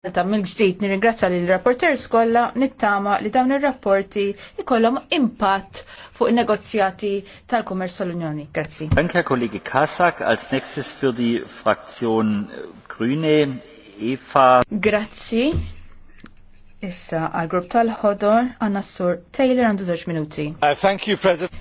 ta' nir ġdid li l-rapporter skolla nittama li dawn il rapporti ikollhom impatt fuq il negozjati tal-kummerz tal-Unjoni. Grazzi. Danke kollegi Kasak, als nexis für di Fraktion Grüne Eva. Grazzi. Issa għal grupp tal-ħodor għanna s-sur Taylor għandu żewġ minuti. Uh, thank you, President.